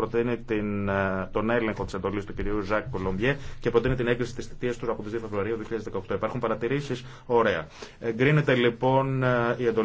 προτείνει την, ε, τον έλεγχο τη εντολή του κυρίου Ζακ Κολομπιέ και προτείνει την έγκριση τη θητεία του από τι 2 Φεβρουαρίου 2018. Υπάρχουν παρατηρήσει. Ωραία. Εγκρίνεται λοιπόν ε, η εντολή.